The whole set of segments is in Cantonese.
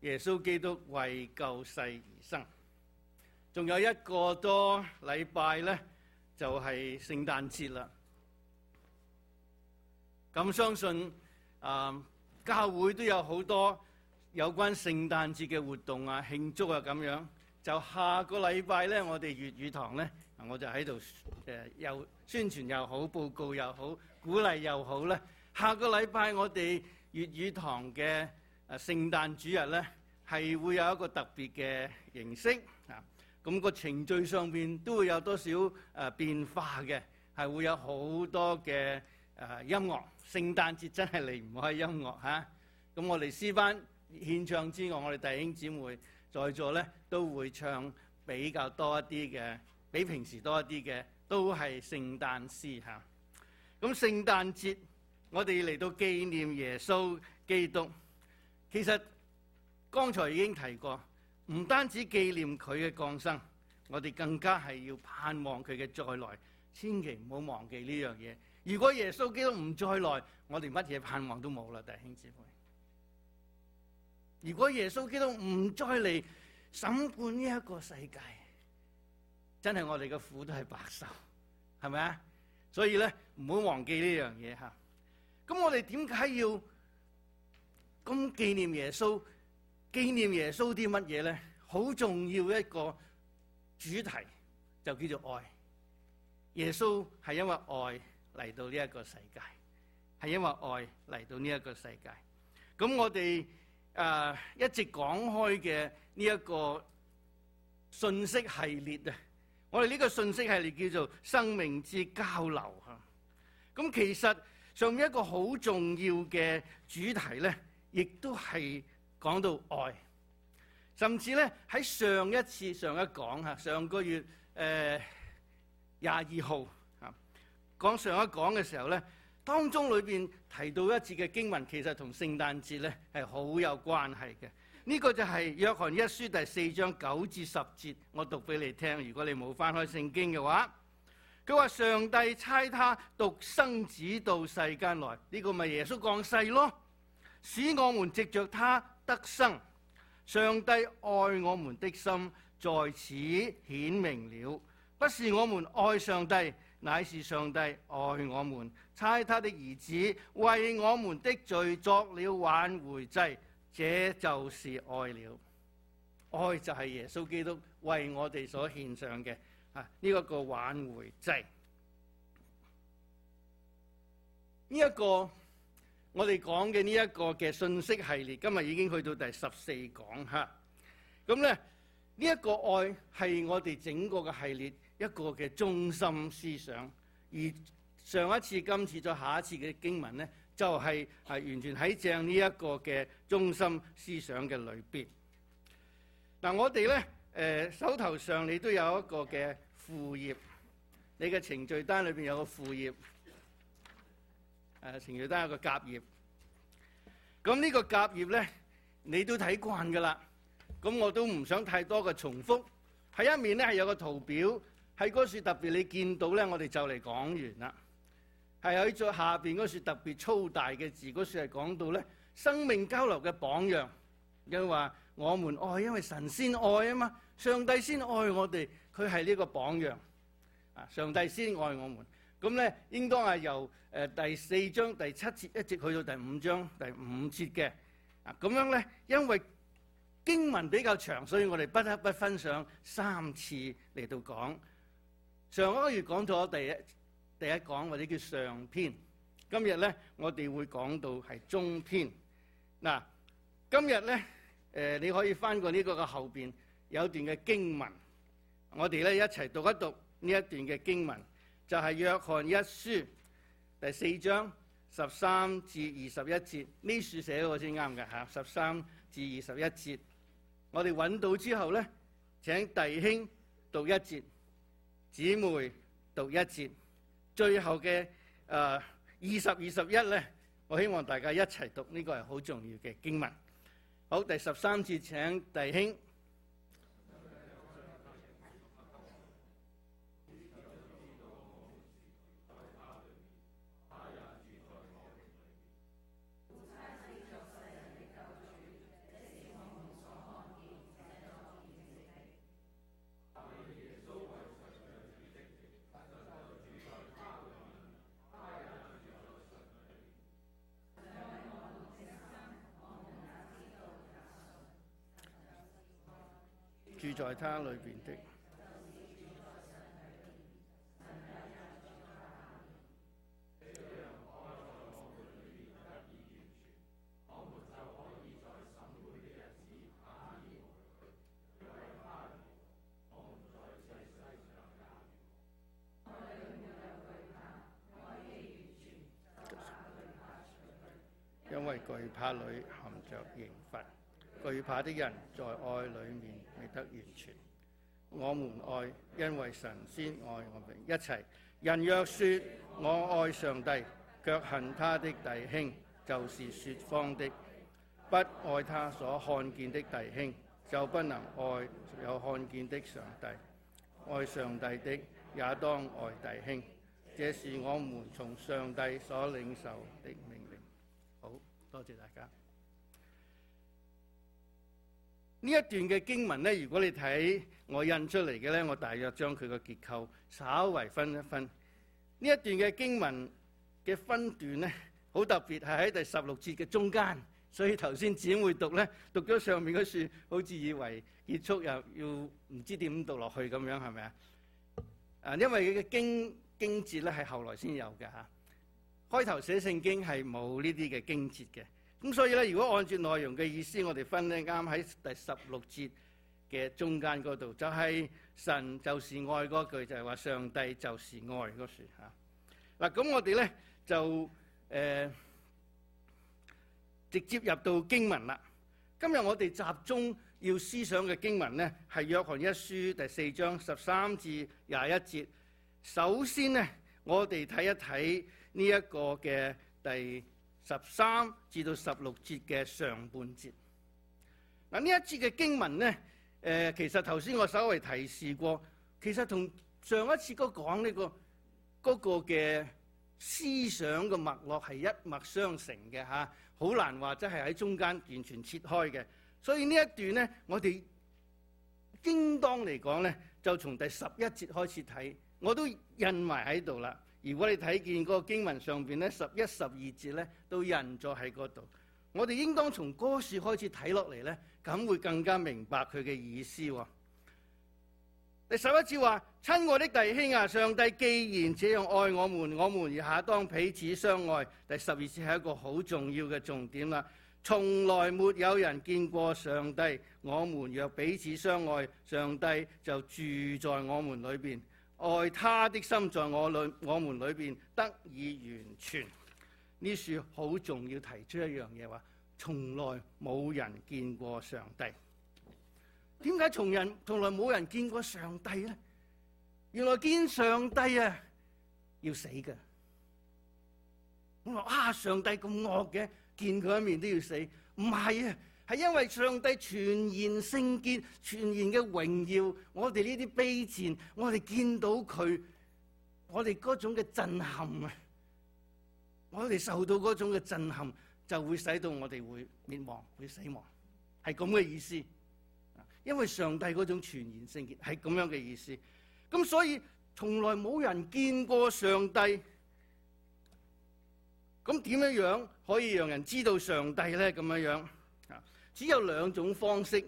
耶穌基督為救世而生，仲有一個多禮拜咧，就係聖誕節啦。咁相信啊，教會都有好多有關聖誕節嘅活動啊，慶祝啊咁樣。就下個禮拜咧，我哋粵語堂咧，我就喺度誒，又宣傳又好，報告又好，鼓勵又好咧。下個禮拜我哋粵語堂嘅。誒聖誕主日咧，係會有一個特別嘅形式啊，咁、那個程序上邊都會有多少誒變化嘅，係會有好多嘅誒音樂。聖誕節真係離唔開音樂嚇。咁、啊、我哋詩班獻唱之外，我哋弟兄姊妹在座咧都會唱比較多一啲嘅，比平時多一啲嘅，都係聖誕詩嚇。咁、啊、聖誕節我哋嚟到紀念耶穌基督。其實剛才已經提過，唔單止紀念佢嘅降生，我哋更加係要盼望佢嘅再來。千祈唔好忘記呢樣嘢。如果耶穌基督唔再來，我哋乜嘢盼望都冇啦，弟兄姊妹。如果耶穌基督唔再嚟審判呢一個世界，真係我哋嘅苦都係白受，係咪啊？所以咧，唔好忘記呢樣嘢吓。咁我哋點解要？咁紀念耶穌，紀念耶穌啲乜嘢咧？好重要一個主題就叫做愛。耶穌係因為愛嚟到呢一個世界，係因為愛嚟到呢一個世界。咁我哋啊一直講開嘅呢一個信息系列啊，我哋呢個信息系列叫做生命之交流啊。咁其實上面一個好重要嘅主題咧。亦都係講到愛，甚至咧喺上一次上一講吓，上個月誒廿二號啊，講上一講嘅時候咧，當中裏面提到一節嘅經文，其實同聖誕節咧係好有關係嘅。呢個就係約翰一書第四章九至十節，我讀俾你聽。如果你冇翻開聖經嘅話，佢話上帝差他獨生子到世間來，呢個咪耶穌降世咯。使我們藉着他得生，上帝愛我們的心在此顯明了。不是我們愛上帝，乃是上帝愛我們。差他的兒子為我們的罪作了挽回祭，這就是愛了。愛就係耶穌基督為我哋所獻上嘅啊！呢、這、一個挽回祭，呢、這、一個。我哋講嘅呢一個嘅信息系列，今日已經去到第十四講嚇。咁咧呢一、這個愛係我哋整個嘅系列一個嘅中心思想，而上一次、今次再下一次嘅經文咧，就係、是、係完全喺正呢一個嘅中心思想嘅裏邊。嗱、啊，我哋咧誒手頭上你都有一個嘅副頁，你嘅程序單裏邊有一個副頁。誒、呃，陳裕丹有個夾頁，咁呢個夾頁咧，你都睇慣噶啦。咁我都唔想太多嘅重複。喺一面咧，係有個圖表，喺嗰樹特別你見到咧，我哋就嚟講完啦。係喺在下邊嗰樹特別粗大嘅字，嗰樹係講到咧生命交流嘅榜樣，因為話我們愛，因為神先愛啊嘛，上帝先愛我哋，佢係呢個榜樣啊，上帝先愛我們。咁咧，應該係由誒第四章第七節一直去到第五章第五節嘅。啊，咁樣咧，因為經文比較長，所以我哋不得不分上三次嚟到講。上一個月講咗第一第一講或者叫上篇，今日咧我哋會講到係中篇。嗱，今日咧誒，你可以翻過呢個嘅後邊有段嘅經文，我哋咧一齊讀一讀呢一段嘅經文。就係、是、約翰一書第四章十三至二十一節，呢書寫嗰個先啱嘅嚇。十三至二十一節，我哋揾到之後咧，請弟兄讀一節，姊妹讀一節，最後嘅誒二十二十一咧，我希望大家一齊讀，呢個係好重要嘅經文。好，第十三節請弟兄。在他裏邊的。因為懼怕裏含着刑罰。懼怕的人在愛裏面未得完全。我們愛，因為神先愛我們一齊。人若說我愛上帝，却恨他的弟兄，就是說謊的。不愛他所看見的弟兄，就不能愛有看見的上帝。愛上帝的也當愛弟兄。這是我們從上帝所領受的命令。好多謝大家。呢一段嘅經文咧，如果你睇我印出嚟嘅咧，我大約將佢個結構稍為分一分。呢一段嘅經文嘅分段咧，好特別係喺第十六節嘅中間，所以頭先展會讀咧，讀咗上面嘅書，好似以為結束又要唔知點讀落去咁樣，係咪啊？啊，因為佢嘅經經節咧係後來先有嘅㗎，開頭寫聖經係冇呢啲嘅經節嘅。咁所以咧，如果按照內容嘅意思，我哋分咧，啱喺第十六節嘅中間嗰度，就係、是、神就是愛嗰句，就係、是、話上帝就是愛嗰處吓。嗱，咁、啊、我哋咧就誒、呃、直接入到經文啦。今日我哋集中要思想嘅經文咧，係約翰一書第四章十三至廿一節。首先咧，我哋睇一睇呢一個嘅第，十三至到十六節嘅上半節，嗱呢一節嘅經文咧，誒、呃、其實頭先我稍微提示過，其實同上一次嗰講呢個嗰個嘅、那個、思想嘅脈絡係一脈相承嘅嚇，好、啊、難話即係喺中間完全切開嘅，所以呢一段咧，我哋應當嚟講咧，就從第十一節開始睇，我都認為喺度啦。如果你睇見嗰個經文上面，咧十一十二節咧，都印咗喺嗰度，我哋應當從歌詞開始睇落嚟咧，咁會更加明白佢嘅意思喎、哦。第十一次話：親愛的弟兄啊，上帝既然這樣愛我們，我們而下當彼此相愛。第十二節係一個好重要嘅重點啦。從來沒有人見過上帝，我們若彼此相愛，上帝就住在我們裏面。愛他的心在我裏，我們裏面得以完全。呢書好重要，提出一樣嘢，話，從來冇人見過上帝。點解從人從來冇人見過上帝咧？原來見上帝啊，要死㗎。我話啊，上帝咁惡嘅，見佢一面都要死。唔係啊。係因為上帝全然聖潔，全然嘅榮耀，我哋呢啲卑賤，我哋見到佢，我哋嗰種嘅震撼啊，我哋受到嗰種嘅震撼，就會使到我哋會滅亡，會死亡，係咁嘅意思。因為上帝嗰種全然聖潔係咁樣嘅意思，咁所以從來冇人見過上帝。咁點樣樣可以讓人知道上帝咧？咁樣樣。只有兩種方式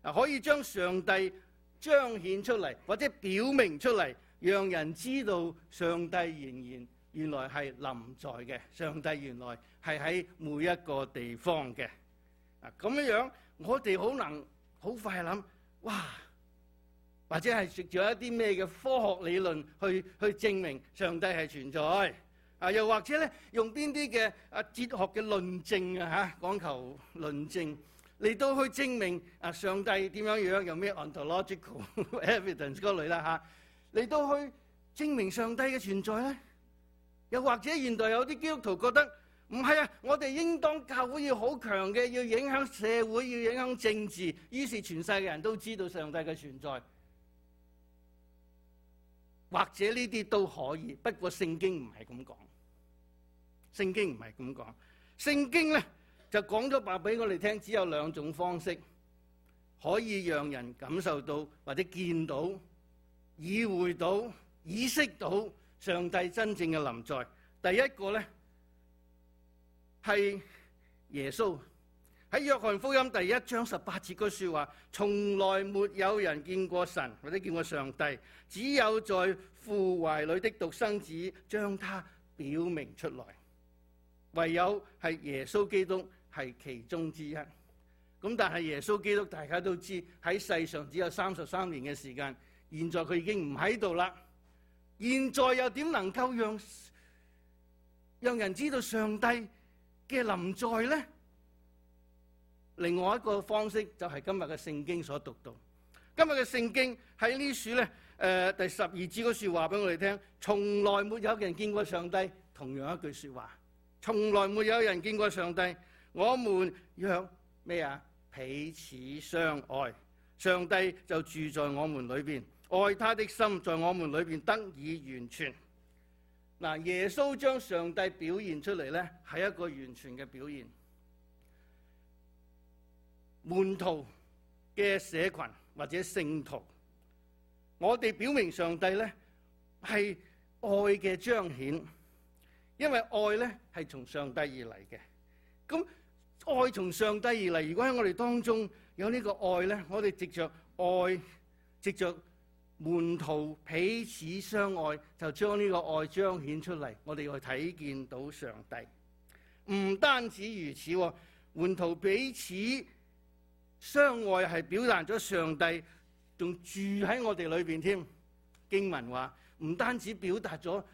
啊，可以將上帝彰顯出嚟，或者表明出嚟，讓人知道上帝仍然然原來係臨在嘅。上帝原來係喺每一個地方嘅啊，咁樣樣我哋好能好快諗哇，或者係著一啲咩嘅科學理論去去證明上帝係存在啊，又或者咧用邊啲嘅啊哲學嘅論證啊嚇講求論證，嚟到去證明啊上帝點樣樣有咩 ontological evidence 嗰類啦嚇，嚟到去證明上帝嘅存在咧，又或者現代有啲基督徒覺得唔係啊，我哋應當教會要好強嘅，要影響社會，要影響政治，於是全世界人都知道上帝嘅存在，或者呢啲都可以，不過聖經唔係咁講，聖經唔係咁講，聖經咧。就講咗白俾我哋聽，只有兩種方式可以讓人感受到或者見到、意會到、意識到上帝真正嘅臨在。第一個咧，係耶穌喺約翰福音第一章十八節嗰說話，從來沒有人見過神或者見過上帝，只有在父懷裏的獨生子將他表明出來。唯有係耶穌基督。係其中之一咁，但係耶穌基督，大家都知喺世上只有三十三年嘅時間。現在佢已經唔喺度啦。現在又點能夠讓讓人知道上帝嘅臨在咧？另外一個方式就係今日嘅聖經所讀到。今日嘅聖經喺呢書咧，誒、呃，第十二節嗰說話俾我哋聽：從來沒有,有人見過上帝。同樣一句說話，從來沒有,有人見過上帝。我們若咩啊彼此相愛，上帝就住在我們裏面，愛他的心在我們裏面得以完全。嗱，耶穌將上帝表現出嚟咧，係一個完全嘅表現。門徒嘅社群或者聖徒，我哋表明上帝咧係愛嘅彰顯，因為愛咧係從上帝而嚟嘅，咁。愛從上帝而來。如果喺我哋當中有呢個愛呢，我哋藉着愛，藉着門徒彼此相愛，就將呢個愛彰顯出嚟。我哋去睇見到上帝，唔單止如此，門徒彼此相愛係表達咗上帝仲住喺我哋裏邊添。經文話唔單止表達咗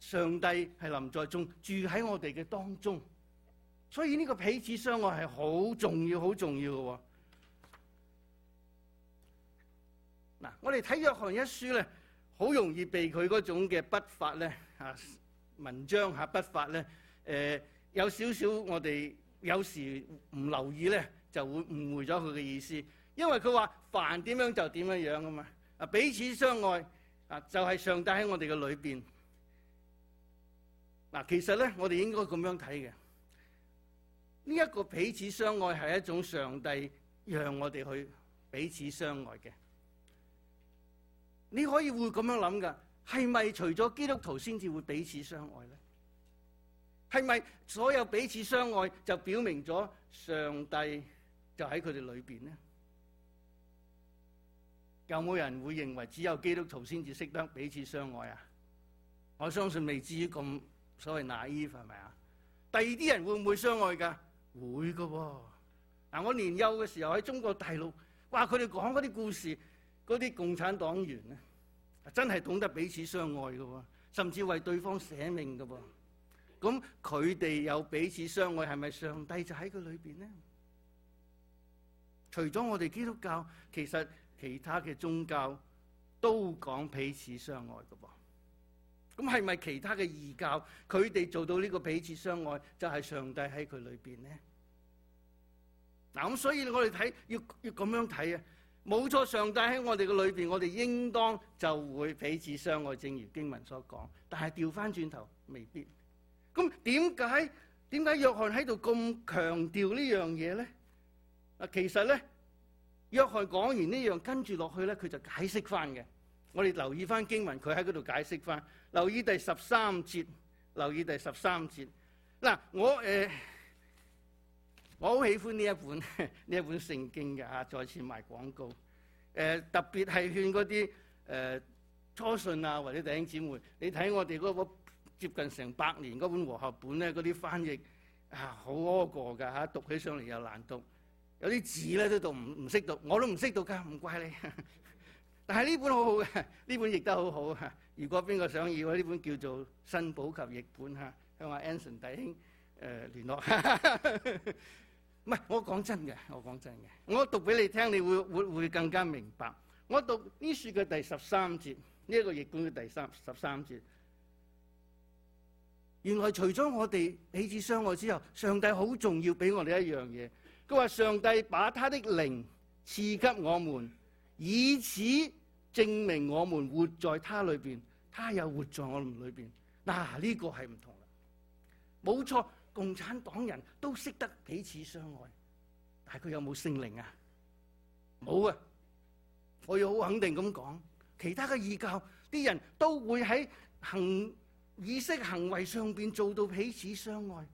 上帝係臨在，仲住喺我哋嘅當中。所以呢個彼此相愛係好重要、好重要嘅喎。嗱，我哋睇約翰一書咧，好容易被佢嗰種嘅筆法咧，啊文章嚇筆法咧，誒有少少我哋有時唔留意咧，就會誤會咗佢嘅意思。因為佢話凡點樣就點樣樣啊嘛，啊彼此相愛啊，就係上帝喺我哋嘅裏邊嗱。其實咧，我哋應該咁樣睇嘅。呢、這、一個彼此相愛係一種上帝讓我哋去彼此相愛嘅。你可以會咁樣諗噶係咪除咗基督徒先至會彼此相愛咧？係咪所有彼此相愛就表明咗上帝就喺佢哋裏邊咧？有冇人會認為只有基督徒先至識得彼此相愛啊？我相信未至於咁所謂 naive 係咪啊？第二啲人會唔會相愛噶？會噶喎、哦，嗱，我年幼嘅時候喺中國大陸，哇，佢哋講嗰啲故事，嗰啲共產黨員咧，真係懂得彼此相愛噶喎、哦，甚至為對方捨命噶喎、哦，咁佢哋有彼此相愛，係咪上帝就喺佢裏邊呢？除咗我哋基督教，其實其他嘅宗教都講彼此相愛噶噃、哦。咁係咪其他嘅異教佢哋做到呢個彼此相愛，就係上帝喺佢裏面咧？嗱，咁所以我哋睇要要咁樣睇啊！冇錯，上帝喺我哋嘅裏面，我哋應當就會彼此相愛，正如經文所講。但係調翻轉頭未必。咁點解點解約翰喺度咁強調呢樣嘢咧？嗱，其實咧，約翰講完呢樣跟住落去咧，佢就解釋翻嘅。我哋留意翻經文，佢喺嗰度解釋翻。留意第十三節，留意第十三節。嗱，我誒、呃、我好喜歡呢一本呢一本聖經嘅嚇，再次賣廣告。誒、呃、特別係勸嗰啲誒初信啊或者弟兄姊妹，你睇我哋嗰本接近成百年嗰本和合本咧，嗰啲翻譯啊好苛過㗎嚇，讀起上嚟又難讀，有啲字咧都讀唔唔識讀，我都唔識讀㗎，唔怪你。但係呢本好好嘅，呢本譯得好好。如果邊個想要呢本叫做新普及譯本嚇，向阿 Anson 弟兄誒聯、呃、絡。唔 係，我講真嘅，我講真嘅，我讀俾你聽，你會會會更加明白。我讀呢書嘅第十三節，呢、這、一個譯本嘅第三十三節。原來除咗我哋彼此相愛之後，上帝好重要俾我哋一樣嘢。佢話上帝把他的靈賜給我們，以此。證明我們活在他裏邊，他也活在我們裏邊。嗱，呢個係唔同啦。冇錯，共產黨人都識得彼此相愛，但係佢有冇聖靈啊？冇啊！我要好肯定咁講，其他嘅異教啲人都會喺行意識行為上邊做到彼此相愛，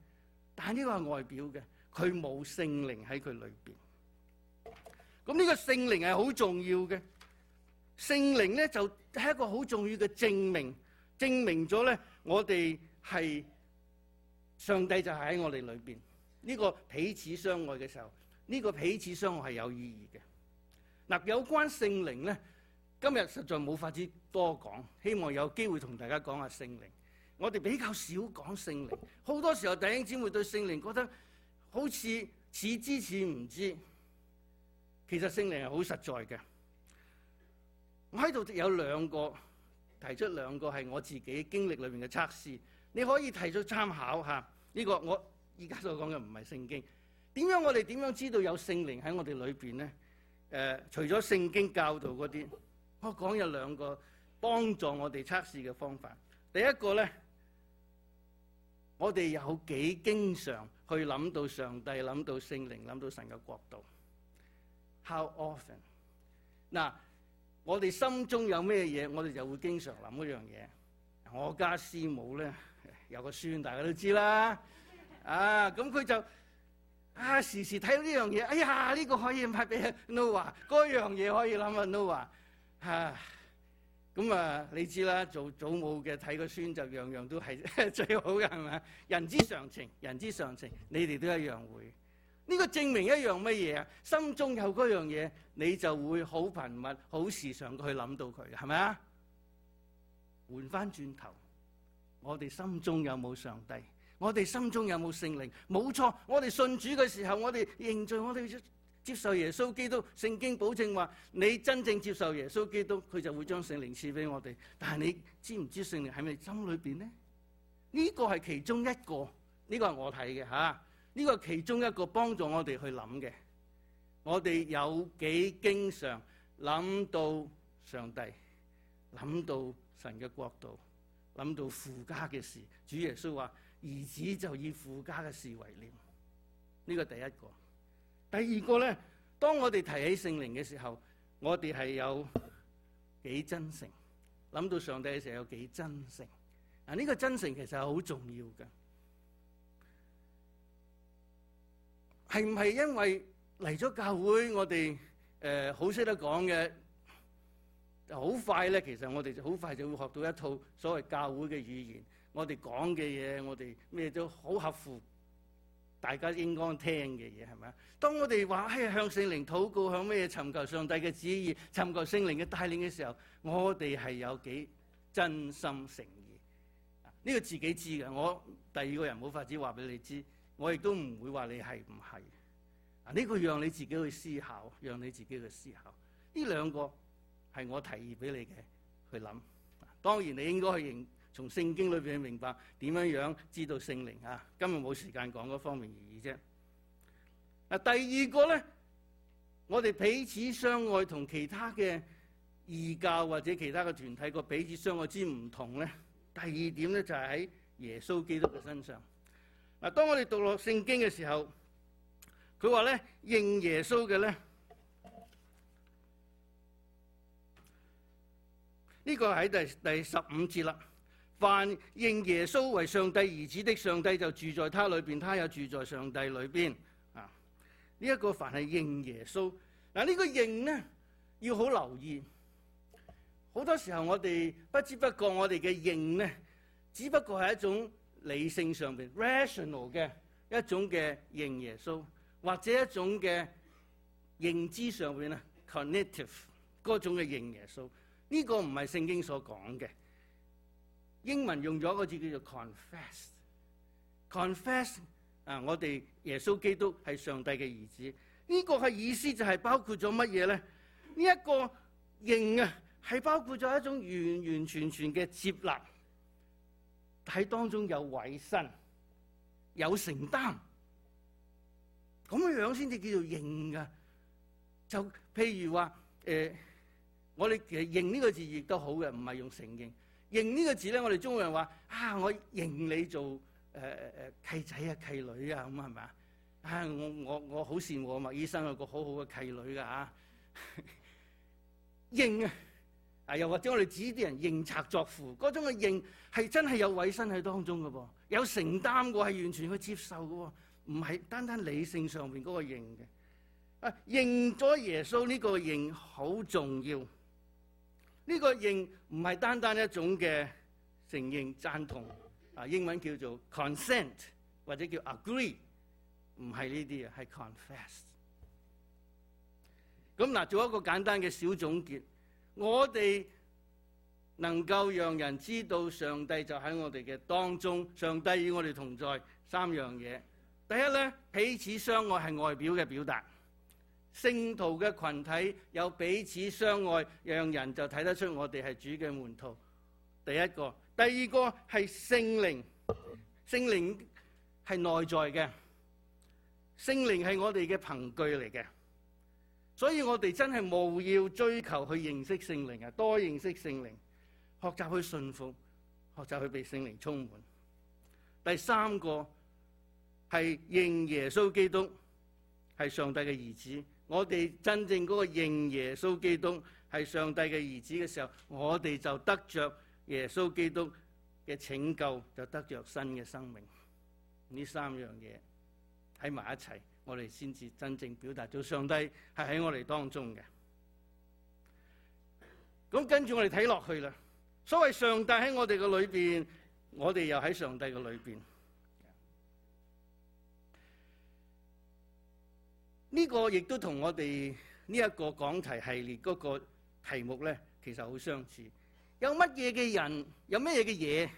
但係呢個係外表嘅，佢冇聖靈喺佢裏邊。咁呢個聖靈係好重要嘅。聖靈咧，就係、是、一個好重要嘅證明，證明咗咧我哋係上帝就係喺我哋裏邊。呢、這個彼此相愛嘅時候，呢、這個彼此相愛係有意義嘅。嗱、啊，有關聖靈咧，今日實在冇法子多講，希望有機會同大家講下聖靈。我哋比較少講聖靈，好多時候弟兄姊妹對聖靈覺得好似似知似唔知，其實聖靈係好實在嘅。我喺度有兩個，提出兩個係我自己嘅經歷裏面嘅測試，你可以提出參考一下呢、呢個我而家所講嘅唔係聖經。點樣我哋點樣知道有聖靈喺我哋裏邊咧？誒、呃，除咗聖經教導嗰啲，我講有兩個幫助我哋測試嘅方法。第一個咧，我哋有幾經常去諗到上帝、諗到聖靈、諗到神嘅國度？How often？嗱。我哋心中有咩嘢，我哋就會經常諗嗰樣嘢。我家師母咧，有個孫，大家都知啦。啊，咁佢就啊時時睇到呢樣嘢。哎呀，呢、這個可以買俾 Noah，嗰樣嘢可以諗啊 Noah。嚇，咁啊你知啦，做祖母嘅睇個孫就樣樣都係最好嘅，係咪？人之常情，人之常情，你哋都一樣會。呢個證明一樣乜嘢？心中有嗰樣嘢，你就會好頻密、好時常去諗到佢，係咪啊？換翻轉頭，我哋心中有冇上帝？我哋心中有冇聖靈？冇錯，我哋信主嘅時候，我哋認罪，我哋接受耶穌基督。聖經保證話，你真正接受耶穌基督，佢就會將聖靈賜俾我哋。但係你知唔知聖靈喺咪心裏邊呢？呢個係其中一個，呢個係我睇嘅吓。呢、這個其中一個幫助我哋去諗嘅，我哋有幾經常諗到上帝，諗到神嘅國度，諗到父家嘅事。主耶穌話：兒子就以父家嘅事為念。呢、這個第一個，第二個咧，當我哋提起聖靈嘅時候，我哋係有幾真誠，諗到上帝嘅時候有幾真誠。啊，呢個真誠其實係好重要嘅。係唔係因為嚟咗教會，我哋誒好識得講嘅，好快咧。其實我哋就好快就會學到一套所謂教會嘅語言。我哋講嘅嘢，我哋咩都好合乎大家應該聽嘅嘢，係咪啊？當我哋話喺向聖靈禱告，向咩尋求上帝嘅旨意，尋求聖靈嘅帶領嘅時候，我哋係有幾真心誠意？呢個自己知嘅。我第二個人冇法子話俾你知。我亦都唔會話你係唔係啊？呢個讓你自己去思考，讓你自己去思考。呢兩個係我提議俾你嘅去諗。當然你應該去認從聖經裏邊明白點樣樣知道聖靈啊。今日冇時間講嗰方面而已啫。嗱，第二個咧，我哋彼此相愛同其他嘅異教或者其他嘅團體個彼此相愛之唔同咧，第二點咧就係喺耶穌基督嘅身上。嗱，當我哋讀落聖經嘅時候，佢話咧，認耶穌嘅咧，呢、這個喺第第十五節啦。凡認耶穌為上帝兒子的，上帝就住在他裏邊，他也住在上帝裏邊。啊，呢、這、一個凡係認耶穌，嗱、這個、呢個認咧，要好留意。好多時候我哋不知不覺，我哋嘅認咧，只不過係一種。理性上面 rational 嘅一種嘅認耶穌，或者一種嘅認知上面咧，cognitive 嗰種嘅認耶穌，呢個唔係聖經所講嘅。英文用咗一個字叫做 Confess, confess，confess 啊，我哋耶穌基督係上帝嘅兒子。呢個係意思就係包括咗乜嘢咧？呢一個認啊，係包括咗一種完完全全嘅接納。喺當中有委身、有承擔，咁樣樣先至叫做認噶。就譬如話誒、呃，我哋其實認呢個字亦都好嘅，唔係用承認。認呢個字咧，我哋中國人話啊，我認你做誒誒、呃、契仔啊、契女啊，咁係咪啊？啊，我我我好羨慕啊！麥醫生有個很好好嘅契女㗎嚇、啊，認。啊！又或者我哋指啲人認賊作父，嗰種嘅認係真係有委身喺當中嘅噃，有承擔嘅係完全去接受嘅喎，唔係單單理性上邊嗰個認嘅。啊，認咗耶穌呢個認好重要，呢個認唔係單單一種嘅承認贊同，啊英文叫做 consent 或者叫 agree，唔係呢啲嘅，係 confess。咁嗱，做一個簡單嘅小總結。我哋能夠讓人知道上帝就喺我哋嘅當中，上帝與我哋同在三樣嘢。第一呢，彼此相愛係外表嘅表達。聖徒嘅群體有彼此相愛，讓人就睇得出我哋係主嘅門徒。第一個，第二個係聖靈，聖靈係內在嘅，聖靈係我哋嘅憑據嚟嘅。所以我哋真係冇要追求去認識聖靈啊，多認識聖靈，學習去順服，學習去被聖靈充滿。第三個係認耶穌基督係上帝嘅兒子。我哋真正嗰個認耶穌基督係上帝嘅兒子嘅時候，我哋就得着耶穌基督嘅拯救，就得着新嘅生命。呢三樣嘢喺埋一齊。我哋先至真正表達咗上帝係喺我哋當中嘅。咁跟住我哋睇落去啦。所謂上帝喺我哋嘅裏邊，我哋又喺上帝嘅裏邊。呢個亦都同我哋呢一個講題系列嗰個題目咧，其實好相似。有乜嘢嘅人，有乜嘢嘅嘢，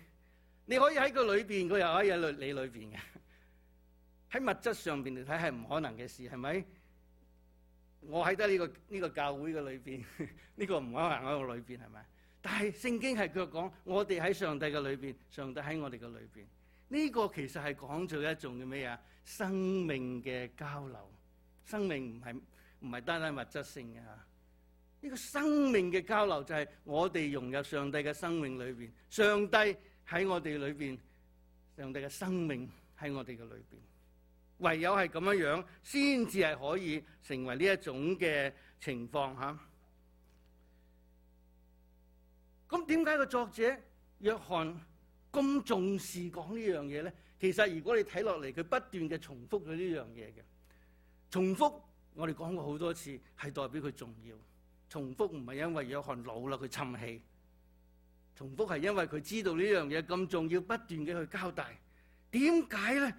你可以喺個裏邊，佢又可以喺你裏邊嘅。喺物質上邊嚟睇係唔可能嘅事，係咪？我喺得呢個呢個教會嘅裏邊，呢 個唔可能喺我裏邊係咪？但係聖經係佢講，我哋喺上帝嘅裏邊，上帝喺我哋嘅裏邊。呢個其實係講做一種嘅咩嘢？生命嘅交流，生命唔係唔係單單物質性嘅吓。呢個生命嘅交流就係我哋融入上帝嘅生命裏邊，上帝喺我哋裏邊，上帝嘅生命喺我哋嘅裏邊。唯有係咁樣樣，先至係可以成為呢一種嘅情況嚇。咁點解個作者約翰咁重視講呢樣嘢咧？其實如果你睇落嚟，佢不斷嘅重複咗呢樣嘢嘅重複，我哋講過好多次，係代表佢重要。重複唔係因為約翰老啦，佢沉氣。重複係因為佢知道呢樣嘢咁重要，不斷嘅去交代。點解咧？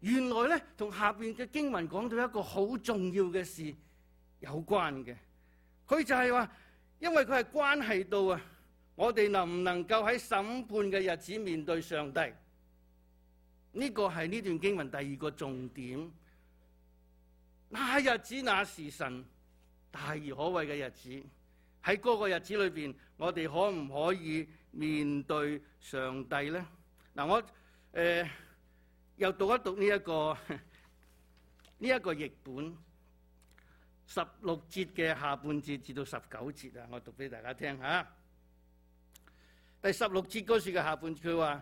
原來咧，同下邊嘅經文講到一個好重要嘅事有關嘅。佢就係話，因為佢係關係到啊，我哋能唔能夠喺審判嘅日子面對上帝？呢個係呢段經文第二個重點。那日子那時辰，大而可畏嘅日子，喺嗰個日子裏邊，我哋可唔可以面對上帝咧？嗱、哦，我誒。呃又讀一讀呢一個呢一個譯本十六節嘅下半節至到十九節啊，我讀俾大家聽吓。第十六節嗰時嘅下半節，佢話：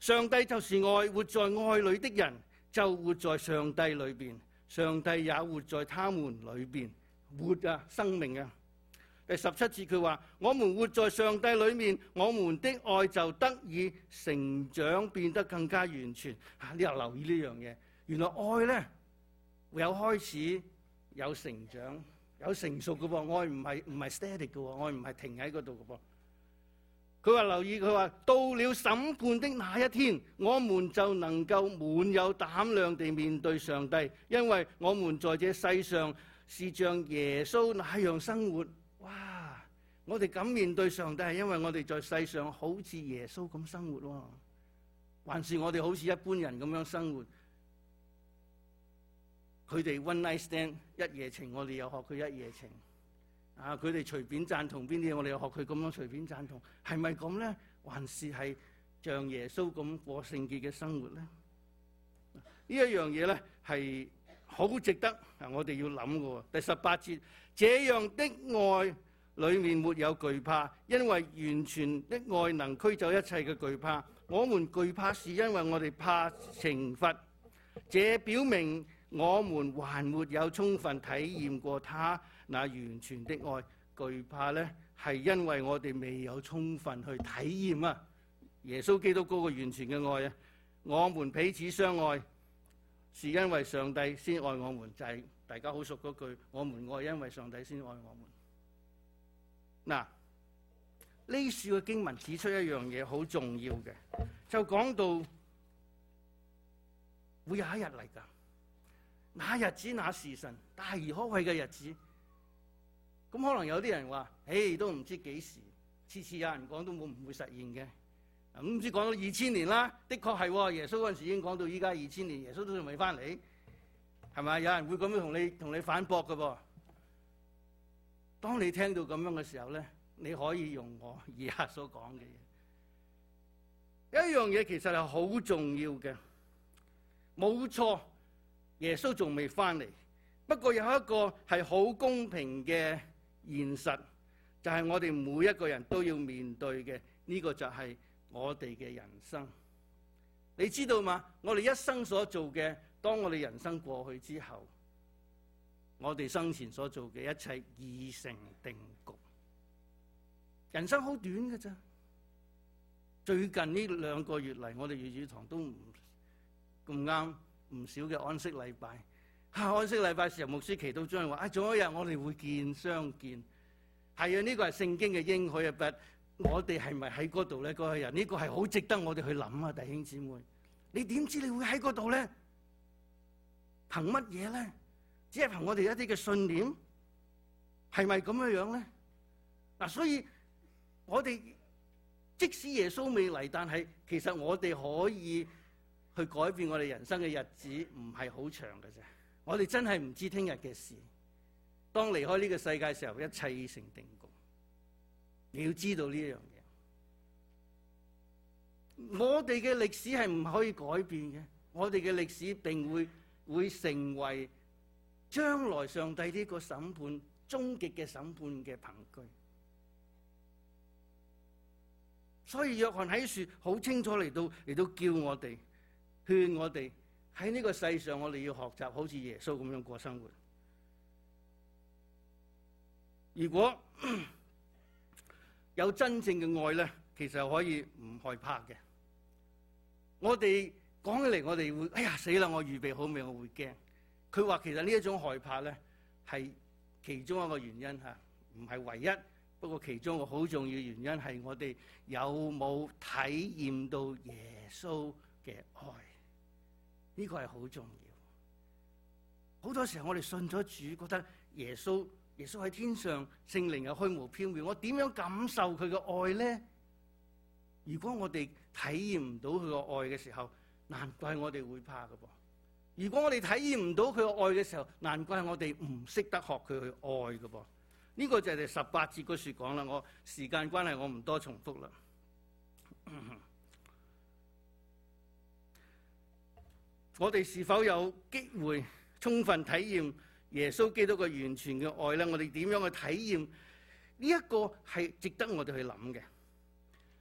上帝就是愛，活在愛裏的人就活在上帝裏邊，上帝也活在他們裏邊，活啊生命啊！第十七次，佢話：我們活在上帝裏面，我們的愛就得以成長，變得更加完全。嚇、啊，你又留意呢樣嘢。原來愛呢會有開始，有成長，有成熟嘅噃。愛唔係唔係 static 嘅喎，愛唔係停喺嗰度嘅噃。佢話留意，佢話到了審判的那一天，我們就能夠滿有膽量地面對上帝，因為我們在這世上是像耶穌那樣生活。哇！我哋咁面對上帝係因為我哋在世上好似耶穌咁生活喎，還是我哋好似一般人咁樣生活？佢哋 one night stand 一夜情，我哋又學佢一夜情。啊！佢哋隨便贊同邊啲嘢，我哋又學佢咁樣隨便贊同，係咪咁呢？還是係像耶穌咁過聖潔嘅生活呢？一呢一樣嘢咧係。好值得，我哋要諗嘅第十八節，這樣的愛裏面沒有懼怕，因為完全的愛能驅走一切嘅懼怕。我們懼怕是因為我哋怕懲罰，這表明我們還沒有充分體驗過他那完全的愛。懼怕呢，係因為我哋未有充分去體驗啊！耶穌基督嗰個完全嘅愛啊，我們彼此相愛。是因為上帝先愛我們，就係、是、大家好熟嗰句：我們愛因為上帝先愛我們。嗱，呢處嘅經文指出一樣嘢好重要嘅，就講到會有一日嚟㗎。那日子、那時辰，大而可畏嘅日子。咁可能有啲人話：誒，都唔知幾時，次次有人講都冇唔會實現嘅。咁唔知講到二千年啦，的確係耶穌嗰陣時已經講到依家二千年，耶穌都仲未翻嚟，係咪？有人會咁樣同你同你反駁嘅噃？當你聽到咁樣嘅時候咧，你可以用我以下所講嘅嘢。一樣嘢其實係好重要嘅，冇錯，耶穌仲未翻嚟。不過有一個係好公平嘅現實，就係我哋每一個人都要面對嘅。呢個就係。我哋嘅人生，你知道嘛？我哋一生所做嘅，當我哋人生過去之後，我哋生前所做嘅一切已成定局。人生好短嘅啫。最近呢兩個月嚟，我哋粵語堂都唔咁啱，唔少嘅安息禮拜。哈、啊，安息禮拜時候，牧師祈都將來話：，啊，仲有一日我哋會見相見。係啊，呢、這個係聖經嘅應許一、啊、筆。我哋係咪喺度咧？嗰個人呢個係好值得我哋去諗啊！弟兄姊妹，你點知你會喺度咧？憑乜嘢咧？只係憑我哋一啲嘅信念，係咪咁樣樣咧？嗱，所以我哋即使耶穌未嚟，但係其實我哋可以去改變我哋人生嘅日子，唔係好長嘅啫。我哋真係唔知聽日嘅事，當離開呢個世界時候，一切已成定局。你要知道呢樣嘢，我哋嘅歷史係唔可以改變嘅，我哋嘅歷史定會會成為將來上帝呢個審判終極嘅審判嘅憑據。所以約翰喺樹好清楚嚟到，嚟到叫我哋勸我哋喺呢個世上，我哋要學習好似耶穌咁樣過生活。如果 有真正嘅愛咧，其實可以唔害怕嘅。我哋講起嚟，我哋會，哎呀死啦！我預備好未？我會驚。佢話其實呢一種害怕咧，係其中一個原因吓，唔係唯一。不過其中一個好重要嘅原因係我哋有冇體驗到耶穌嘅愛，呢個係好重要。好多時候我哋信咗主，覺得耶穌。耶穌喺天上，聖靈又虛無縹緲，我點樣感受佢嘅愛呢？如果我哋體驗唔到佢嘅愛嘅時候，難怪我哋會怕㗎噃。如果我哋體驗唔到佢嘅愛嘅時候，難怪我哋唔識得學佢去愛㗎噃。呢、這個就係十八節嗰處講啦。我時間關係， 我唔多重複啦。我哋是否有機會充分體驗？耶穌基督嘅完全嘅愛咧，我哋點樣去體驗呢一個，係值得我哋去諗嘅。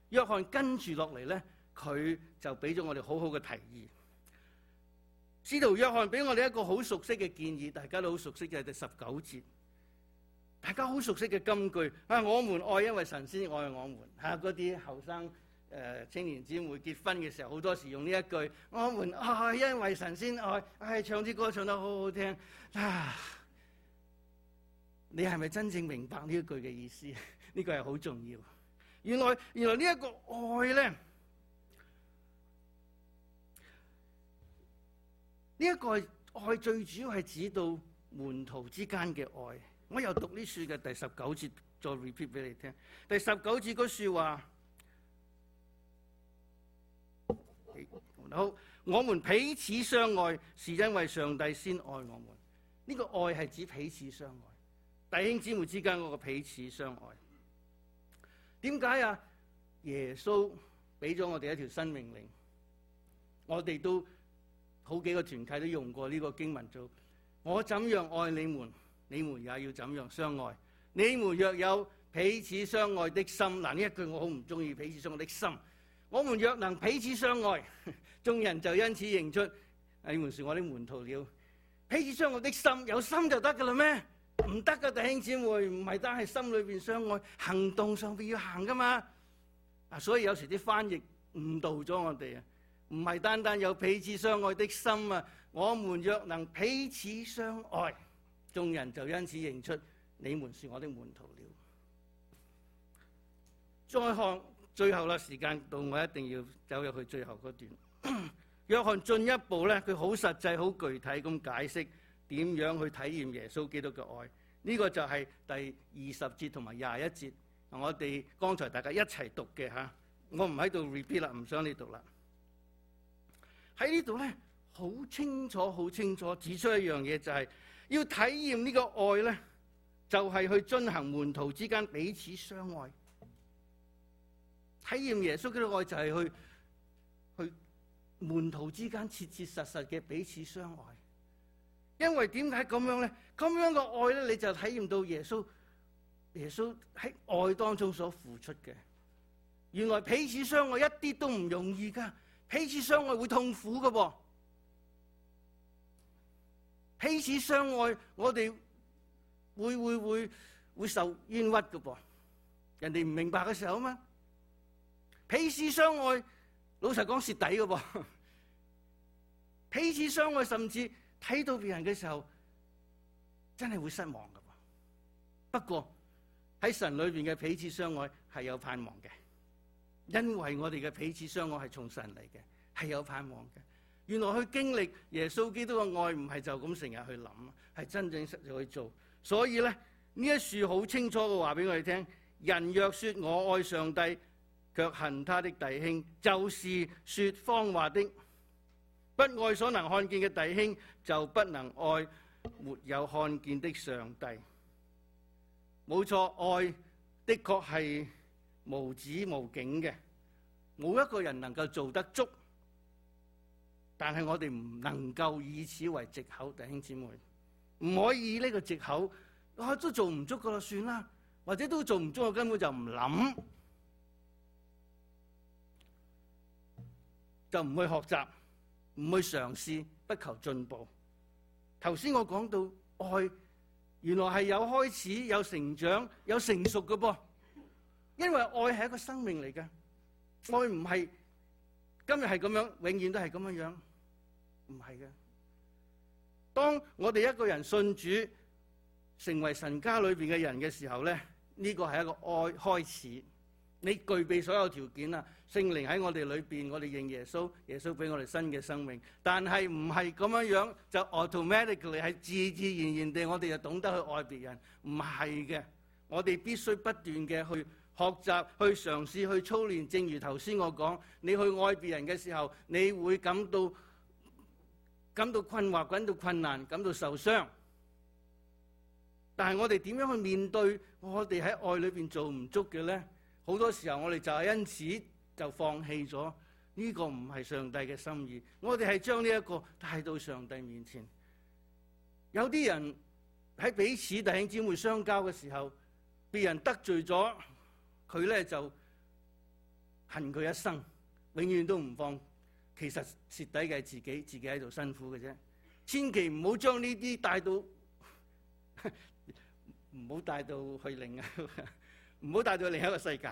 約翰跟住落嚟咧，佢就俾咗我哋好好嘅提議。司徒約翰俾我哋一個好熟悉嘅建議，大家都好熟悉就係第十九節，大家好熟悉嘅金句啊！我們愛因為神先愛我們，吓嗰啲後生。誒、青年姊妹結婚嘅時候，好多時用呢一句：我們啊，因為神先愛，係、哎、唱啲歌唱得好好聽。你係咪真正明白呢一句嘅意思？呢、這個係好重要。原來原來呢一個愛咧，呢、這、一個愛最主要係指到門徒之間嘅愛。我又讀呢書嘅第十九節，再 repeat 俾你聽。第十九節嗰説話。好，我們彼此相愛，是因為上帝先愛我們。呢、這個愛係指彼此相愛，弟兄姊妹之間嗰個彼此相愛。點解啊？耶穌俾咗我哋一條新命令，我哋都好幾個團契都用過呢個經文，做：「我怎樣愛你們，你們也要怎樣相愛。」你們若有彼此相愛的心，嗱呢一句我好唔中意，彼此相愛的心。我們若能彼此相愛，眾人就因此認出你們是我的門徒了。彼此相愛的心，有心就得噶啦咩？唔得噶，弟兄姊妹，唔係單係心裡面相愛，行動上邊要行噶嘛。啊，所以有時啲翻譯誤導咗我哋啊，唔係單單有彼此相愛的心啊。我們若能彼此相愛，眾人就因此認出你們是我的門徒了。再看。最後啦，時間到，我一定要走入去最後嗰段。約翰進一步咧，佢好實際、好具體咁解釋點樣去體驗耶穌基督嘅愛。呢、呢個就係第二十節同埋廿一節，我哋剛才大家一齊讀嘅吓，我唔喺度 repeat 啦，唔想你讀啦。喺呢度咧，好清楚、好清楚指出一樣嘢，就是，就係要體驗呢個愛咧，就係去進行門徒之間彼此相愛。體驗耶穌嘅愛就係去去門徒之間切切實實嘅彼此相愛，因為點解咁樣咧？咁樣個愛咧，你就體驗到耶穌耶穌喺愛當中所付出嘅。原來彼此相愛一啲都唔容易噶，彼此相愛會痛苦噶噃，彼此相愛我哋會會會會，會受冤屈噶噃，人哋唔明白嘅時候啊嘛。彼此相愛，老實講蝕底噶噃。彼此相愛，甚至睇到別人嘅時候，真係會失望噶噃。不過喺神裏邊嘅彼此相愛係有盼望嘅，因為我哋嘅彼此相愛係從神嚟嘅，係有盼望嘅。原來去經歷耶穌基督嘅愛，唔係就咁成日去諗，係真正實際去做。所以咧，呢一書好清楚嘅話俾我哋聽，人若說我愛上帝，卻恨他的弟兄，就是説謊話的；不愛所能看見嘅弟兄，就不能愛沒有看見的上帝。冇錯，愛的確係無止無境嘅，冇一個人能夠做得足。但係我哋唔能夠以此為藉口，弟兄姊妹，唔可以呢個藉口，啊、都做唔足噶啦，算啦，或者都做唔足，我根本就唔諗。就唔去學習，唔去嘗試，不求進步。頭先我講到愛，原來係有開始、有成長、有成熟嘅噃。因為愛係一個生命嚟嘅，愛唔係今日係咁樣，永遠都係咁樣樣，唔係嘅。當我哋一個人信主，成為神家裏面嘅人嘅時候咧，呢個係一個愛開始。你具備所有條件啊，聖靈喺我哋裏面，我哋認耶穌，耶穌俾我哋新嘅生命。但係唔係咁樣樣就 automatic 嚟，係自自然然地我哋就懂得去愛別人，唔係嘅，我哋必須不斷嘅去學習、去嘗試、去操練。正如頭先我講，你去愛別人嘅時候，你會感到感到困惑、感到困難、感到受傷。但係我哋點樣去面對我哋喺愛裏面做唔足嘅呢？好多時候我哋就係因此就放棄咗，呢個唔係上帝嘅心意，我哋係將呢一個帶到上帝面前。有啲人喺彼此弟兄姊妹相交嘅時候，別人得罪咗佢咧，就恨佢一生，永遠都唔放。其實蝕底嘅係自己，自己喺度辛苦嘅啫。千祈唔好將呢啲帶到，唔好帶到去另。唔好帶到另一個世界。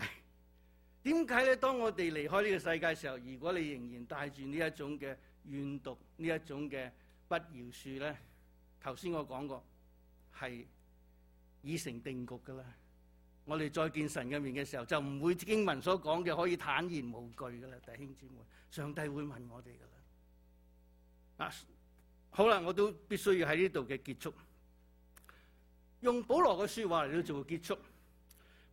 點解咧？當我哋離開呢個世界嘅時候，如果你仍然帶住呢一種嘅怨毒，呢一種嘅不饒恕咧，頭先我講過係已成定局噶啦。我哋再見神嘅面嘅時候，就唔會經文所講嘅可以坦然無懼噶啦，弟兄姊妹。上帝會問我哋噶啦。啊，好啦，我都必須要喺呢度嘅結束。用保羅嘅說話嚟到做結束。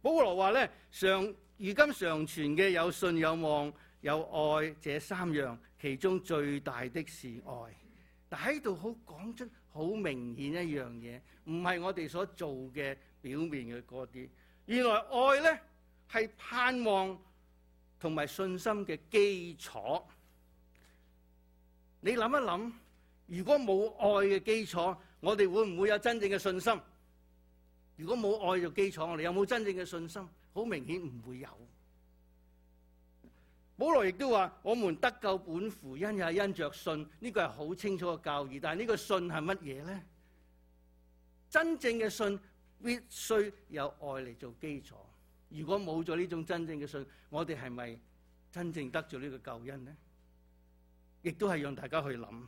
保羅話咧，上如今常存嘅有信有望有愛，這三樣其中最大的是愛。但喺度好講出好明顯一樣嘢，唔係我哋所做嘅表面嘅嗰啲。原來愛咧係盼望同埋信心嘅基礎。你諗一諗，如果冇愛嘅基礎，我哋會唔會有真正嘅信心？如果冇愛做基礎，我哋有冇真正嘅信心？好明顯唔會有。保羅亦都話：我們得救本乎恩，也因着信，呢個係好清楚嘅教義。但係呢個信係乜嘢咧？真正嘅信必須有愛嚟做基礎。如果冇咗呢種真正嘅信，我哋係咪真正得咗呢個救恩呢？亦都係讓大家去諗。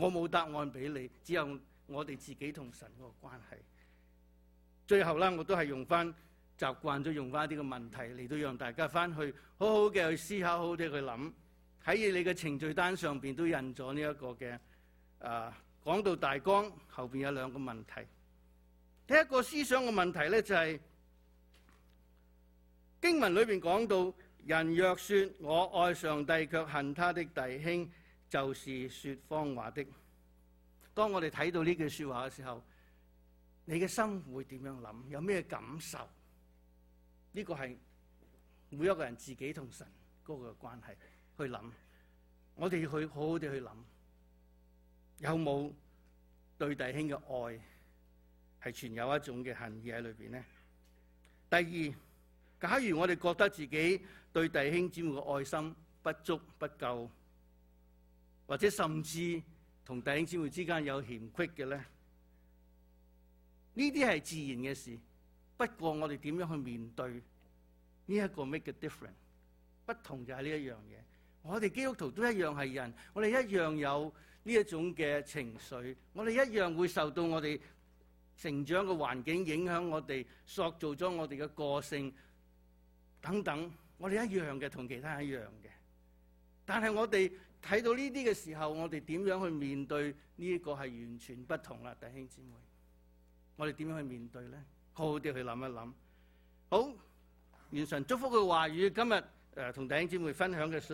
我冇答案俾你，只有我哋自己同神個關係。最後啦，我都係用翻習慣咗，用翻啲嘅問題嚟到讓大家翻去好好嘅去思考，好好地去諗。喺你嘅程序單上邊都印咗呢一個嘅啊講道大綱，後邊有兩個問題。第一個思想嘅問題咧，就係、是、經文裏邊講到，人若說我愛上帝，卻恨他的弟兄，就是説謊話的。當我哋睇到呢句説話嘅時候，你嘅心會點樣諗？有咩感受？呢個係每一個人自己同神嗰個關係去諗。我哋要去好好地去諗，有冇對弟兄嘅愛係存有一種嘅恨意喺裏邊呢？第二，假如我哋覺得自己對弟兄姊妹嘅愛心不足不夠，或者甚至同弟兄姊妹之間有嫌隙嘅咧？呢啲係自然嘅事，不過我哋點樣去面對呢一個 make a difference 不同就係呢一樣嘢。我哋基督徒都一樣係人，我哋一樣有呢一種嘅情緒，我哋一樣會受到我哋成長嘅環境影響，我哋塑造咗我哋嘅個性等等，我哋一樣嘅同其他人一樣嘅。但係我哋睇到呢啲嘅時候，我哋點樣去面對呢一個係完全不同啦，弟兄姊妹。我哋點樣去面對咧？好好啲去諗一諗。好，願神祝福他的話語。今日、呃、和同弟兄姊妹分享嘅信息。